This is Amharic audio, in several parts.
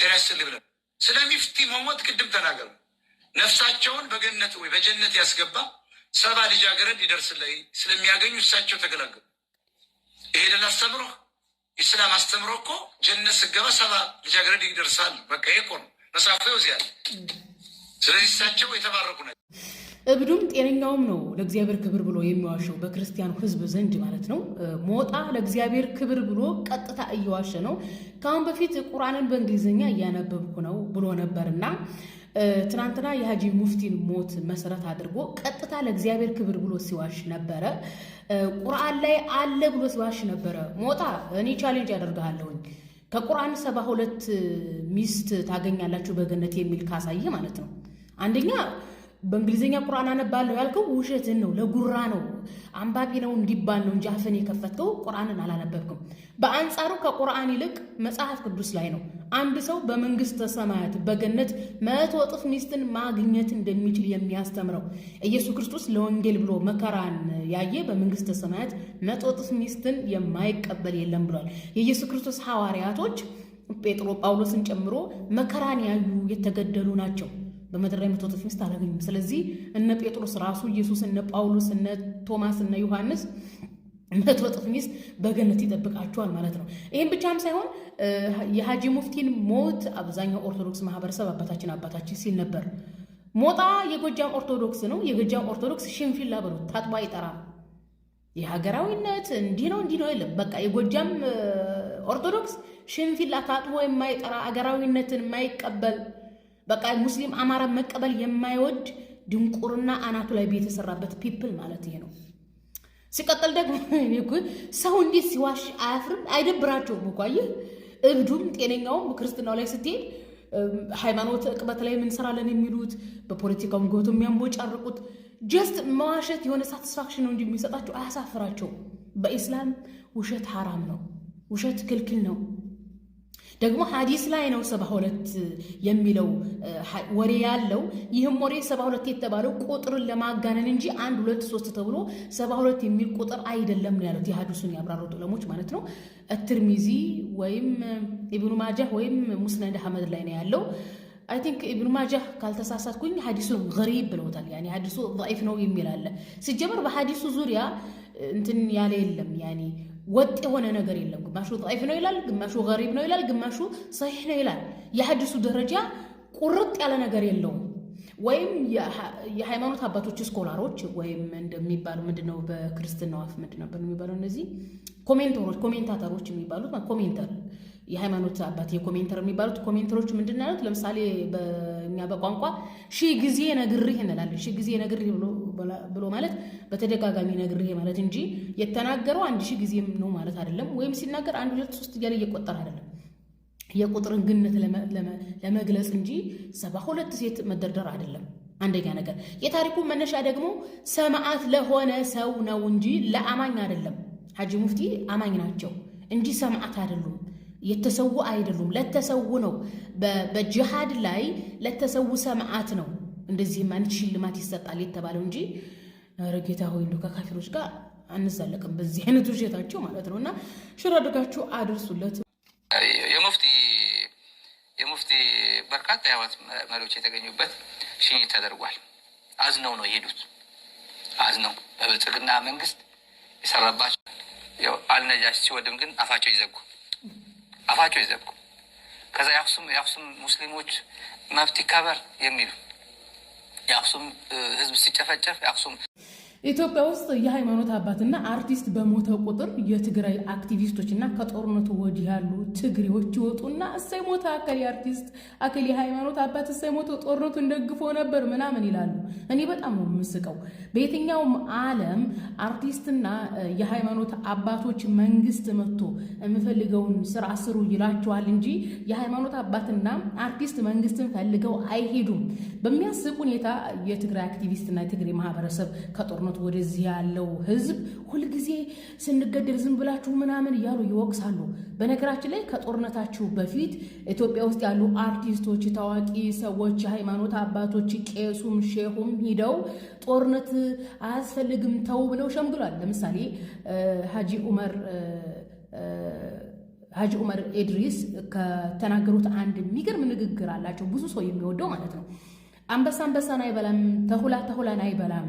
ጤና ይስጥልኝ ብለን ስለ ሚፍቲ መሞት ቅድም ተናገሩ። ነፍሳቸውን በገነት ወይ በጀነት ያስገባ ሰባ ልጃገረድ ይደርስ ላይ ስለሚያገኙ እሳቸው ተገላገሉ። ይሄንን አስተምሮ ኢስላም አስተምሮ እኮ ጀነት ስገባ ሰባ ልጃገረድ ይደርሳል። በቃ ይሄ እኮ ነው መጽሐፍ ያለ። ስለዚህ እሳቸው የተባረኩ ናቸው። እብዱም ጤነኛውም ነው ለእግዚአብሔር ክብር ብሎ የሚዋሸው በክርስቲያኑ ሕዝብ ዘንድ ማለት ነው። ሞጣ ለእግዚአብሔር ክብር ብሎ ቀጥታ እየዋሸ ነው። ከአሁን በፊት ቁርአንን በእንግሊዝኛ እያነበብኩ ነው ብሎ ነበርና ትናንትና የሀጂ ሙፍቲን ሞት መሰረት አድርጎ ቀጥታ ለእግዚአብሔር ክብር ብሎ ሲዋሽ ነበረ። ቁርአን ላይ አለ ብሎ ሲዋሽ ነበረ። ሞጣ እኔ ቻሌንጅ ያደርግሃለሁኝ ከቁርአን ሰባ ሁለት ሚስት ታገኛላችሁ በገነት የሚል ካሳየ ማለት ነው አንደኛ በእንግሊዝኛ ቁርአን አነባለሁ ያልከው ውሸትን ነው፣ ለጉራ ነው፣ አንባቢ ነው እንዲባል ነው እንጂ አፍን የከፈትከው ቁርአንን አላነበብክም። በአንጻሩ ከቁርአን ይልቅ መጽሐፍ ቅዱስ ላይ ነው አንድ ሰው በመንግስተ ሰማያት በገነት መቶ እጥፍ ሚስትን ማግኘት እንደሚችል የሚያስተምረው። ኢየሱስ ክርስቶስ ለወንጌል ብሎ መከራን ያየ በመንግስተ ሰማያት መቶ እጥፍ ሚስትን የማይቀበል የለም ብሏል። የኢየሱስ ክርስቶስ ሐዋርያቶች ጴጥሮ ጳውሎስን ጨምሮ መከራን ያዩ የተገደሉ ናቸው። በምድር ላይ የምትወጡት ሚስት አላገኙም። ስለዚህ እነ ጴጥሮስ ራሱ ኢየሱስ፣ እነ ጳውሎስ፣ እነ ቶማስ፣ እነ ዮሐንስ መቶ እጥፍ ሚስት በገነት ይጠብቃቸዋል ማለት ነው። ይህም ብቻም ሳይሆን የሀጂ ሙፍቲን ሞት አብዛኛው ኦርቶዶክስ ማህበረሰብ አባታችን አባታችን ሲል ነበር። ሞጣ የጎጃም ኦርቶዶክስ ነው። የጎጃም ኦርቶዶክስ ሽንፊላ በሉት ታጥቦ አይጠራም። የሀገራዊነት እንዲህ ነው እንዲህ ነው የለም። በቃ የጎጃም ኦርቶዶክስ ሽንፊላ ታጥቦ የማይጠራ አገራዊነትን የማይቀበል በቃ ሙስሊም አማራ መቀበል የማይወድ ድንቁርና አናቱ ላይ የተሰራበት ፒፕል ማለት ይሄ ነው። ሲቀጥል ደግሞ ሰው እንዴት ሲዋሽ አያፍርም? አይደብራቸውም እኮ አየህ። እብዱም ጤነኛውም ክርስትናው ላይ ስትሄድ ሃይማኖት እቅበት ላይ ምንሰራለን የሚሉት በፖለቲካውን ገብቶ የሚያንቦጫርቁት ጀስት መዋሸት የሆነ ሳትስፋክሽን ነው እንጂ የሚሰጣቸው አያሳፍራቸውም። በኢስላም ውሸት ሐራም ነው። ውሸት ክልክል ነው። ደግሞ ሀዲስ ላይ ነው ሰባ ሁለት የሚለው ወሬ ያለው። ይህም ወሬ ሰባ ሁለት የተባለው ቁጥርን ለማጋነን እንጂ አንድ ሁለት ሶስት ተብሎ ሰባ ሁለት የሚል ቁጥር አይደለም ነው ያሉት የሀዲሱን ያብራሩት ዑለሞች ማለት ነው። ትርሚዚ ወይም ኢብኑ ማጃህ ወይም ሙስነድ አህመድ ላይ ነው ያለው። አይ ቲንክ ኢብኑ ማጃህ ካልተሳሳትኩኝ ሀዲሱን ገሪብ ብለውታል። ያኔ ሀዲሱ ضዒፍ ነው የሚል አለ። ሲጀመር በሀዲሱ ዙሪያ እንትን ያለ የለም ያኔ ወጥ የሆነ ነገር የለም። ግማሹ ጣይፍ ነው ይላል፣ ግማሹ ገሪብ ነው ይላል፣ ግማሹ ሰሒሕ ነው ይላል። የሐዲሱ ደረጃ ቁርጥ ያለ ነገር የለውም። ወይም የሃይማኖት አባቶች ስኮላሮች ወይም እንደሚባሉ ምንድነው በክርስትናው አፍ ምንድን ነበር የሚባለው? እነዚህ ኮሜንተሮች ኮሜንታተሮች የሚባሉት ኮሜንተር የሃይማኖት አባት የኮሜንተር የሚባሉት ኮሜንተሮች ምንድን አሉት? ለምሳሌ በእኛ በቋንቋ ሺህ ጊዜ ነግሪህ እንላለን። ሺህ ጊዜ ነግሪህ ብሎ ብሎ ማለት በተደጋጋሚ ነግሬ ማለት እንጂ የተናገረው አንድ ሺህ ጊዜም ነው ማለት አይደለም። ወይም ሲናገር አንድ ሁለት ሶስት እያለ እየቆጠር አይደለም። የቁጥርን ግነት ለመግለጽ እንጂ ሰባ ሁለት ሴት መደርደር አይደለም። አንደኛ ነገር የታሪኩ መነሻ ደግሞ ሰማዕት ለሆነ ሰው ነው እንጂ ለአማኝ አይደለም። ሀጂ ሙፍቲ አማኝ ናቸው እንጂ ሰማዕት አይደሉም። የተሰዉ አይደሉም፣ ለተሰዉ ነው። በጅሃድ ላይ ለተሰዉ ሰማዕት ነው። እንደዚህ አይነት ሽልማት ይሰጣል የተባለው እንጂ ኧረ ጌታ ሆይ እንደው ከካፊሮች ጋር አንዛለቅም በዚህ አይነት ውሸታቸው ማለት ነው። እና ሽር አድርጋችሁ አድርሱለት። የሙፍቲ የሙፍቲ በርካታ የሃይማኖት መሪዎች የተገኙበት ሽኝ ተደርጓል። አዝነው ነው የሄዱት። አዝነው በብልጽግና መንግስት የሰራባቸው አልነጃሽ ሲወድም ግን አፋቸው ይዘጉ፣ አፋቸው ይዘጉ። ከዛ የአክሱም ሙስሊሞች መብት ይከበር የሚሉ የአክሱም ህዝብ ሲጨፈጨፍ የአክሱም ኢትዮጵያ ውስጥ የሃይማኖት አባትና አርቲስት በሞተ ቁጥር የትግራይ አክቲቪስቶች እና ከጦርነቱ ወዲህ ያሉ ትግሬዎች ይወጡና እሰይ ሞተ አከሌ አርቲስት፣ አከሌ ሃይማኖት አባት እሰይ ሞተ፣ ጦርነቱን ደግፎ ነበር ምናምን ይላሉ። እኔ በጣም ነው የምስቀው። በየትኛውም ዓለም አርቲስትና የሃይማኖት አባቶች መንግስት መጥቶ የምፈልገውን ስራ ስሩ ይላቸዋል እንጂ የሃይማኖት አባትና አርቲስት መንግስትን ፈልገው አይሄዱም። በሚያስቅ ሁኔታ የትግራይ አክቲቪስትና የትግሬ ማህበረሰብ ከጦርነቱ ሃይማኖት ወደዚህ ያለው ህዝብ ሁልጊዜ ስንገደል ዝም ብላችሁ ምናምን እያሉ ይወቅሳሉ። በነገራችን ላይ ከጦርነታችሁ በፊት ኢትዮጵያ ውስጥ ያሉ አርቲስቶች፣ ታዋቂ ሰዎች፣ የሃይማኖት አባቶች ቄሱም ሼሁም ሂደው ጦርነት አያስፈልግም ተው ብለው ሸምግሏል። ለምሳሌ ሀጂ ኡመር ሀጂ ኡመር ኤድሪስ ከተናገሩት አንድ የሚገርም ንግግር አላቸው። ብዙ ሰው የሚወደው ማለት ነው። አንበሳ አንበሳን አይበላም፣ ተሁላ ተሁላን አይበላም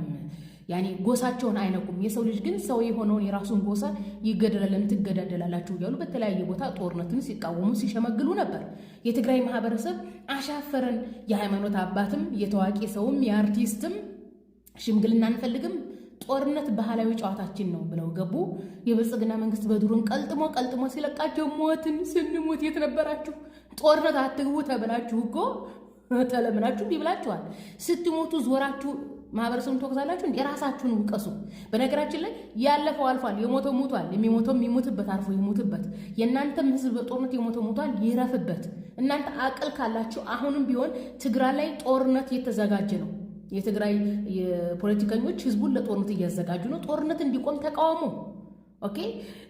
ያኔ ጎሳቸውን አይነቁም። የሰው ልጅ ግን ሰው የሆነውን የራሱን ጎሳ ይገደላለን ትገዳደላላችሁ እያሉ በተለያየ ቦታ ጦርነትን ሲቃወሙ ሲሸመግሉ ነበር። የትግራይ ማህበረሰብ አሻፈረን፣ የሃይማኖት አባትም የታዋቂ ሰውም የአርቲስትም ሽምግልና አንፈልግም፣ ጦርነት ባህላዊ ጨዋታችን ነው ብለው ገቡ። የብልጽግና መንግስት በዱሩን ቀልጥሞ ቀልጥሞ ሲለቃቸው ሞትን። ስንሞት የት ነበራችሁ? ጦርነት አትግቡ ተብላችሁ እኮ ተለምናችሁ ቢብላችኋል። ስትሞቱ ዞራችሁ ማህበረሰቡን ትወቅሳላችሁ እንዴ? የራሳችሁን ውቀሱ። በነገራችን ላይ ያለፈው አልፏል። የሞተው ሞቷል። የሚሞተው ይሙትበት፣ አርፎ ይሙትበት። የእናንተም ህዝብ በጦርነት የሞተው ሞቷል፣ ይረፍበት። እናንተ አቅል ካላችሁ አሁንም ቢሆን ትግራይ ላይ ጦርነት የተዘጋጀ ነው። የትግራይ የፖለቲከኞች ህዝቡን ለጦርነት እያዘጋጁ ነው። ጦርነት እንዲቆም ተቃውሞ። ኦኬ።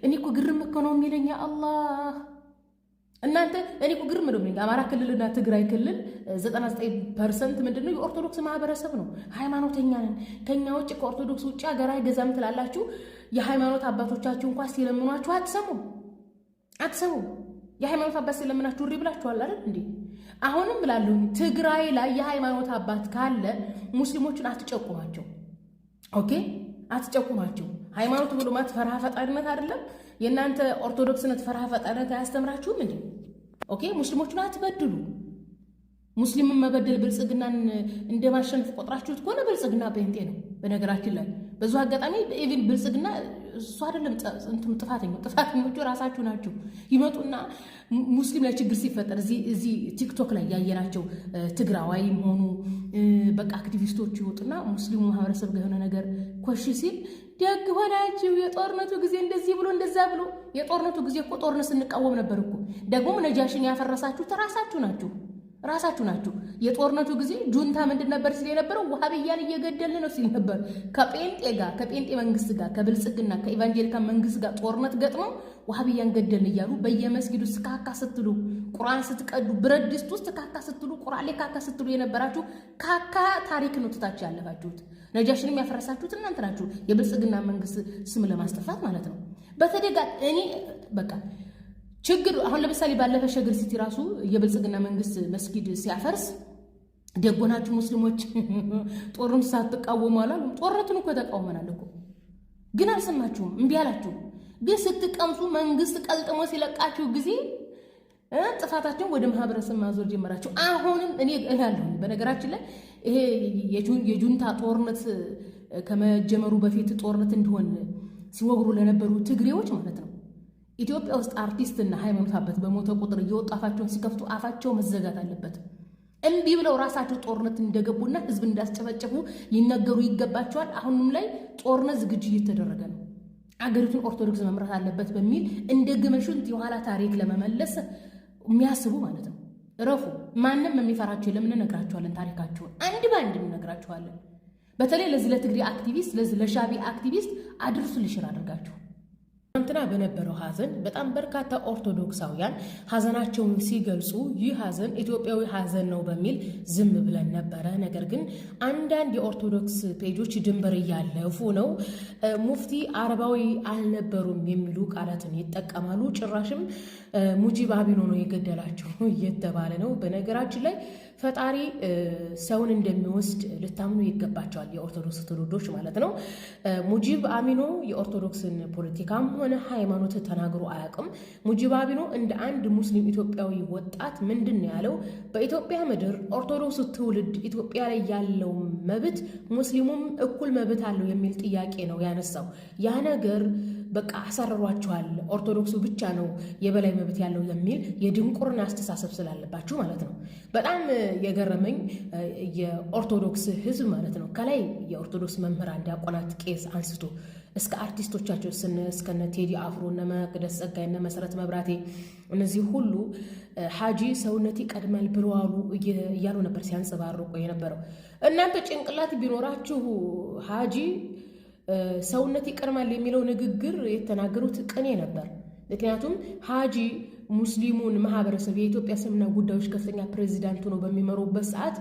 እኔ እኮ ግርም እኮ ነው የሚለኝ አላህ እናንተ እኔ እኮ ግርም ነው አማራ ክልልና ትግራይ ክልል 99 ፐርሰንት ምንድን ነው የኦርቶዶክስ ማህበረሰብ ነው። ሃይማኖተኛ ነን፣ ከኛ ውጭ ከኦርቶዶክስ ውጭ ሀገር አይገዛም ትላላችሁ። የሃይማኖት አባቶቻችሁ እንኳ ሲለምኗችሁ አትሰሙ አትሰሙ። የሃይማኖት አባት ሲለምናችሁ እሪ ብላችኋል አይደል እንዴ? አሁንም ብላለሁ ትግራይ ላይ የሃይማኖት አባት ካለ ሙስሊሞችን አትጨቁማቸው። ኦኬ፣ አትጨቁማቸው። ሃይማኖት ብሎ ማለት ፈጣሪነት አይደለም። የእናንተ ኦርቶዶክስነት ፈርሃ ፈጣሪነት አያስተምራችሁም እንዴ? ኦኬ ሙስሊሞቹን አትበድሉ። ሙስሊምን መበደል ብልጽግናን እንደማሸንፍ ቆጥራችሁት ከሆነ ብልጽግና በንጤ ነው። በነገራችን ላይ በዙ አጋጣሚ ኢቪን ብልጽግና እሱ አይደለም እንትም ጥፋተኛ ጥፋተኞቹ ራሳችሁ ናችሁ። ይመጡና ሙስሊም ላይ ችግር ሲፈጠር እዚህ ቲክቶክ ላይ ያየናቸው ትግራዋይም ሆኑ በቃ አክቲቪስቶቹ ይወጡና ሙስሊሙ ማህበረሰብ ጋር የሆነ ነገር ኮሽ ሲል ደግ ሆናችሁ። የጦርነቱ ጊዜ እንደዚህ ብሎ እንደዛ ብሎ የጦርነቱ ጊዜ እኮ ጦርነት ስንቃወም ነበር እኮ። ደግሞም ነጃሽን ያፈረሳችሁት ራሳችሁ ናችሁ። ራሳችሁ ናችሁ። የጦርነቱ ጊዜ ጁንታ ምንድን ነበር ሲል የነበረው ውሃብያን እየገደል ነው ሲል ነበር። ከጴንጤ ጋር ከጴንጤ መንግስት ጋር ከብልጽግና ከኢቫንጀሊካል መንግስት ጋር ጦርነት ገጥመው ውሃብያን ገደልን እያሉ በየመስጊዱ ስካካ ካካ ስትሉ፣ ቁርአን ስትቀዱ፣ ብረት ድስት ውስጥ ካካ ስትሉ፣ ቁርአን ላይ ካካ ስትሉ የነበራችሁ ካካ ታሪክ ነው ትታችሁ ያለፋችሁት። ነጃሽንም ያፈረሳችሁት እናንተ ናችሁ። የብልጽግና መንግስት ስም ለማስጠፋት ማለት ነው። በተደጋ እኔ በቃ ችግር አሁን ለምሳሌ ባለፈ ሸገር ሲቲ ራሱ የብልጽግና መንግስት መስጊድ ሲያፈርስ ደጎናችሁ ሙስሊሞች ጦርን ሳትቃወሙ አላሉ። ጦርነቱን እኮ ተቃውመናል እኮ ግን አልሰማችሁም፣ እምቢ አላችሁ። ግን ስትቀምሱ መንግስት ቀልጥሞ ሲለቃችሁ ጊዜ ጥፋታቸውን ወደ ማህበረሰብ ማዞር ጀመራችሁ። አሁንም እኔ እላለሁ በነገራችን ላይ ይሄ የጁንታ ጦርነት ከመጀመሩ በፊት ጦርነት እንዲሆን ሲወግሩ ለነበሩ ትግሬዎች ማለት ነው ኢትዮጵያ ውስጥ አርቲስትና ሃይማኖት አባት በሞተ ቁጥር እየወጡ አፋቸውን ሲከፍቱ አፋቸው መዘጋት አለበት። እምቢ ብለው ራሳቸው ጦርነት እንደገቡና ህዝብ እንዳስጨፈጨፉ ሊነገሩ ይገባቸዋል። አሁንም ላይ ጦርነት ዝግጅት እየተደረገ ነው። አገሪቱን ኦርቶዶክስ መምራት አለበት በሚል እንደ ግመሹን የኋላ ታሪክ ለመመለስ የሚያስቡ ማለት ነው። ረፉ ማንም የሚፈራቸው የለም። እንነግራቸዋለን ታሪካቸውን አንድ በአንድ እንነግራቸዋለን። በተለይ ለዚህ ለትግሬ አክቲቪስት ለዚህ ለሻቢ አክቲቪስት አድርሱ ልሽር አድርጋቸው ትናንትና በነበረው ሀዘን በጣም በርካታ ኦርቶዶክሳውያን ሀዘናቸውን ሲገልጹ ይህ ሀዘን ኢትዮጵያዊ ሀዘን ነው በሚል ዝም ብለን ነበረ። ነገር ግን አንዳንድ የኦርቶዶክስ ፔጆች ድንበር እያለፉ ነው፣ ሙፍቲ አረባዊ አልነበሩም የሚሉ ቃላትን ይጠቀማሉ። ጭራሽም ሙጂብ አቢኖ ነው የገደላቸው እየተባለ ነው። በነገራችን ላይ ፈጣሪ ሰውን እንደሚወስድ ልታምኑ ይገባቸዋል፣ የኦርቶዶክስ ትውልዶች ማለት ነው። ሙጂብ አሚኖ የኦርቶዶክስን ፖለቲካም ሆነ ሃይማኖት ተናግሮ አያውቅም። ሙጂብ አሚኖ እንደ አንድ ሙስሊም ኢትዮጵያዊ ወጣት ምንድን ያለው? በኢትዮጵያ ምድር ኦርቶዶክስ ትውልድ ኢትዮጵያ ላይ ያለው መብት ሙስሊሙም እኩል መብት አለው የሚል ጥያቄ ነው ያነሳው ያ ነገር በቃ አሳርሯችኋል፣ ኦርቶዶክሱ ብቻ ነው የበላይ መብት ያለው የሚል የድንቁርና አስተሳሰብ ስላለባችሁ ማለት ነው። በጣም የገረመኝ የኦርቶዶክስ ሕዝብ ማለት ነው ከላይ የኦርቶዶክስ መምህራን፣ ዲያቆናት፣ ቄስ አንስቶ እስከ አርቲስቶቻቸው ስን እስከነ ቴዲ አፍሮ እነ መቅደስ ጸጋይ እነ መሰረት መብራቴ እነዚህ ሁሉ ሀጂ ሰውነት ይቀድማል ብለዋሉ እያሉ ነበር ሲያንጸባርቁ የነበረው። እናንተ ጭንቅላት ቢኖራችሁ ሀጂ ሰውነት ይቀድማል የሚለው ንግግር የተናገሩት ቅኔ ነበር። ምክንያቱም ሀጂ ሙስሊሙን ማህበረሰብ የኢትዮጵያ እስልምና ጉዳዮች ከፍተኛ ፕሬዚዳንት ሆነው በሚመሩበት ሰዓት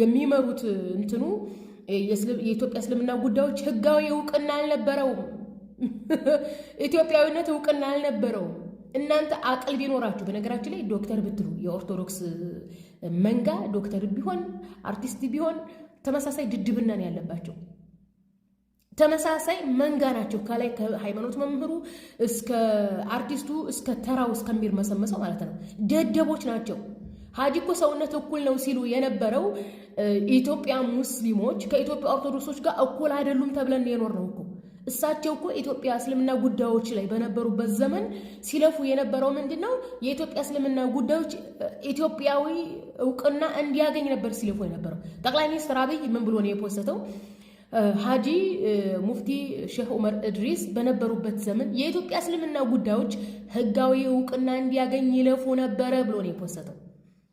የሚመሩት እንትኑ የኢትዮጵያ እስልምና ጉዳዮች ህጋዊ እውቅና አልነበረውም። ኢትዮጵያዊነት እውቅና አልነበረውም። እናንተ አቅል ቢኖራችሁ በነገራችን ላይ ዶክተር ብትሉ የኦርቶዶክስ መንጋ ዶክተር ቢሆን አርቲስት ቢሆን ተመሳሳይ ድድብና ነው ያለባቸው። ተመሳሳይ መንጋ ናቸው። ከላይ ከሃይማኖት መምህሩ እስከ አርቲስቱ እስከ ተራው እስከሚርመሰመሰው ማለት ነው። ደደቦች ናቸው። ሀጂ እኮ ሰውነት እኩል ነው ሲሉ የነበረው ኢትዮጵያ ሙስሊሞች ከኢትዮጵያ ኦርቶዶክሶች ጋር እኩል አይደሉም ተብለን የኖር ነው እኮ። እሳቸው እኮ ኢትዮጵያ እስልምና ጉዳዮች ላይ በነበሩበት ዘመን ሲለፉ የነበረው ምንድን ነው? የኢትዮጵያ እስልምና ጉዳዮች ኢትዮጵያዊ እውቅና እንዲያገኝ ነበር ሲለፉ የነበረው። ጠቅላይ ሚኒስትር አብይ ምን ብሎ ነው የፖሰተው? ሀጂ ሙፍቲ ሼህ ዑመር እድሪስ በነበሩበት ዘመን የኢትዮጵያ እስልምና ጉዳዮች ህጋዊ እውቅና እንዲያገኝ ይለፉ ነበረ ብሎ ነው የፖሰተው።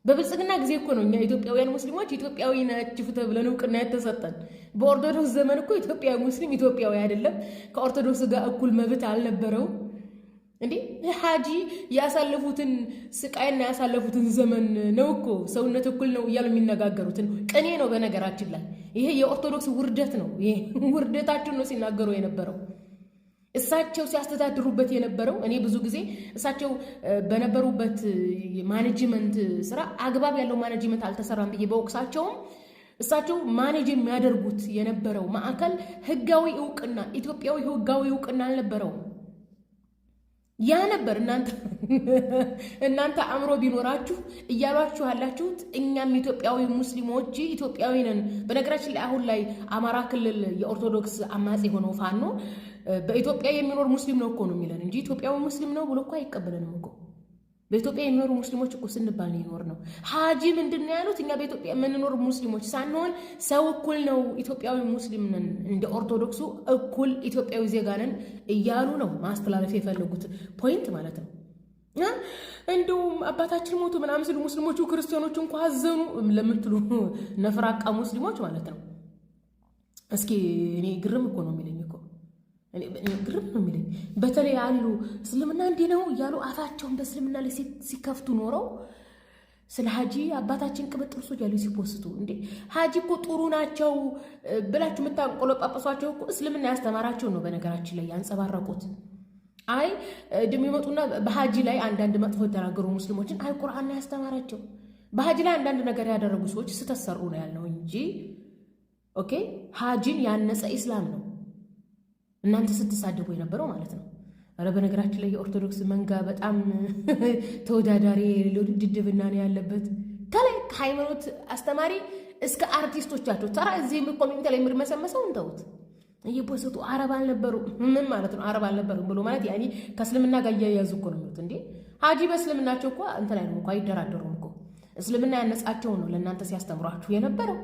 በብልጽግና ጊዜ እኮ ነው እኛ ኢትዮጵያውያን ሙስሊሞች ኢትዮጵያዊ ናችሁ ተብለን እውቅና የተሰጠን። በኦርቶዶክስ ዘመን እኮ ኢትዮጵያዊ ሙስሊም ኢትዮጵያዊ አይደለም፣ ከኦርቶዶክስ ጋር እኩል መብት አልነበረውም። እንዴ ሀጂ ያሳለፉትን ስቃይና ያሳለፉትን ዘመን ነው እኮ ሰውነት እኩል ነው እያሉ የሚነጋገሩትን ቅኔ ነው። በነገራችን ላይ ይሄ የኦርቶዶክስ ውርደት ነው። ይሄ ውርደታችን ነው ሲናገሩ የነበረው እሳቸው ሲያስተዳድሩበት የነበረው። እኔ ብዙ ጊዜ እሳቸው በነበሩበት ማኔጅመንት ስራ አግባብ ያለው ማኔጅመንት አልተሰራም ብዬ በወቅሳቸውም እሳቸው ማኔጅ የሚያደርጉት የነበረው ማዕከል ህጋዊ እውቅና ኢትዮጵያዊ ህጋዊ እውቅና አልነበረውም። ያ ነበር እናንተ እናንተ አእምሮ ቢኖራችሁ እያሏችሁ ያላችሁት። እኛም ኢትዮጵያዊ ሙስሊሞች ኢትዮጵያዊ ነን። በነገራችን ላይ አሁን ላይ አማራ ክልል የኦርቶዶክስ አማጺ የሆነው ፋኖ በኢትዮጵያ የሚኖር ሙስሊም ነው እኮ ነው የሚለን እንጂ ኢትዮጵያዊ ሙስሊም ነው ብሎ እኮ አይቀበለንም እኮ በኢትዮጵያ የሚኖሩ ሙስሊሞች እኮ ስንባል ይኖር ነው። ሀጂ ምንድን ነው ያሉት? እኛ በኢትዮጵያ የምንኖር ሙስሊሞች ሳንሆን ሰው እኩል ነው፣ ኢትዮጵያዊ ሙስሊም ነን፣ እንደ ኦርቶዶክሱ እኩል ኢትዮጵያዊ ዜጋ ነን እያሉ ነው ማስተላለፍ የፈለጉት ፖይንት ማለት ነው። እንዲሁም አባታችን ሞቱ ምናምን ሲሉ ሙስሊሞቹ ክርስቲያኖቹ እንኳ አዘኑ ለምትሉ ነፍራቃ ሙስሊሞች ማለት ነው። እስኪ እኔ ግርም እኮ ነው የሚለኝ ግርም ነው የሚለኝ። በተለይ ያሉ እስልምና እንዲህ ነው እያሉ አፋቸውን በእስልምና ላይ ሲከፍቱ ኖረው ስለ ሀጂ አባታችን ቅብጥ ሶ እያሉ ሲፖስቱ፣ እንዴ ሀጂ እኮ ጥሩ ናቸው ብላችሁ የምታንቆለጳጳሷቸው እኮ እስልምና ያስተማራቸው ነው። በነገራችን ላይ ያንጸባረቁት አይ ድም ይመጡና በሀጂ ላይ አንዳንድ መጥፎ የተናገሩ ሙስሊሞችን አይ ቁርአን ነው ያስተማራቸው። በሀጂ ላይ አንዳንድ ነገር ያደረጉ ሰዎች ስተሰሩ ነው ያልነው እንጂ ኦኬ ሀጂን ያነጸ ኢስላም ነው እናንተ ስትሳደቡ የነበረው ማለት ነው። ኧረ በነገራችን ላይ የኦርቶዶክስ መንጋ በጣም ተወዳዳሪ ድድብና ነው ያለበት። ከላይ ከሃይማኖት አስተማሪ እስከ አርቲስቶቻቸው ተራ እዚህ ኮሚኒቲ ላይ የምድመሰመሰው እንተውት። እየቦሰቱ አረብ አልነበሩ ምን ማለት ነው? አረብ አልነበሩ ብሎ ማለት ያኔ ከእስልምና ጋር እያያዙ እኮ ነው የሚሉት እንዴ። ሀጂ በእስልምናቸው እኮ እንትን አይሉም እኮ አይደራደሩም እኮ። እስልምና ያነጻቸው ነው ለእናንተ ሲያስተምሯችሁ የነበረው